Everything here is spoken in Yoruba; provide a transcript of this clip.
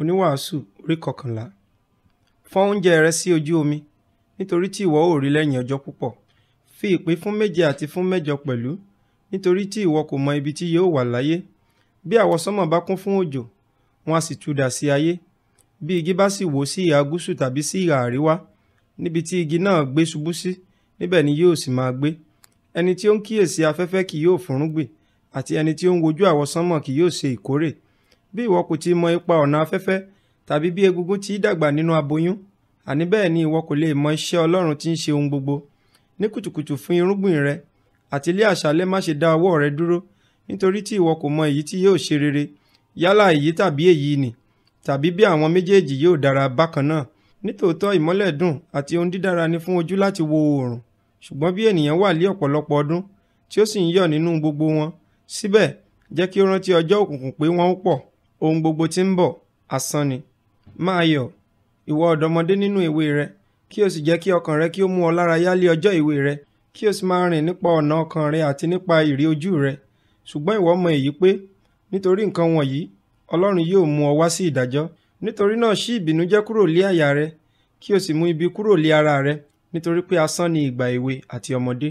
oníwàásù orí kọkànlá fọ́n oúnjẹ rẹ sí ojú omi nítorí tí ìwọ ò rí lẹ́yìn ọjọ́ púpọ̀ fi ìpín fún méje àti fún mẹ́jọ pẹ̀lú nítorí tí ìwọ kò mọ ibi tí yóò wà láyé bí àwọsánmọ̀ bá kún fún òjò wọn a sì tudà sí ayé bí igi bá sì wó sí ìhà gúúsù tàbí sí ìhà àríwá níbi tí igi náà gbé ṣubú sí níbẹ̀ ni yóò sì máa gbé ẹni tí ó ń kíyèsí afẹ́fẹ́ kì yóò fúnrúgbìn àti ẹni tí ó ń wojú àwọsánmọ̀ kì yóò ṣe ìkórè bí ìwọ kò ti mọ ipa ọ̀nà afẹ́fẹ́ tàbí bí egungun ti dàgbà nínú aboyún àní bẹ́ẹ̀ ni ìwọ kò lè mọ iṣẹ́ ọlọ́run tí ń ṣe ohun gbogbo ní kùtùkùtù fún irúgbìn rẹ àti ilé àṣálẹ́ má ṣe dá ọwọ́ rẹ dúró nítorí tí ìwọ kò mọ èyí tí yóò ṣe rere yálà èyí tàbí èyí ni tàbí bí àwọn méjèèjì yóò dára bákan náà nítòótọ́ ìmọ́lẹ̀ dùn àti ohun dídára ni fún ojú láti wo oòrùn ṣùgbọ́n bí ènìyàn wà lé ọ̀pọ̀lọpọ̀ ọdún tí ó sì ń yọ̀ nínú gbogbo wọn síbẹ̀ jẹ́ kí ó rántí ọjọ́ òkùnkùn pé wọ́n ó pọ̀ ohun gbogbo tí ń bọ̀ asán ni máa yọ̀ ìwọ ọ̀dọ́mọdé nínú èwe rẹ kí o sì jẹ́ kí ọkàn rẹ kí ó mú ọ lára yálé ọjọ́ ìwé rẹ kí o sì máa rìn nípa ọ̀nà ọkàn rẹ àti nípa ìrí ojú rẹ ṣùgbọ́n ìwọ mọ èyí pé nítorí nǹkan wọ̀nyí ọlọ́run yóò mú ọ wá sí ìdájọ́ nítorí náà ṣí ìbìnújẹ́ kúrò lé àyà rẹ kí o sì mú ibi kúrò lé ara rẹ nítorí pé asán ni ìgbà èwe àti ọmọdé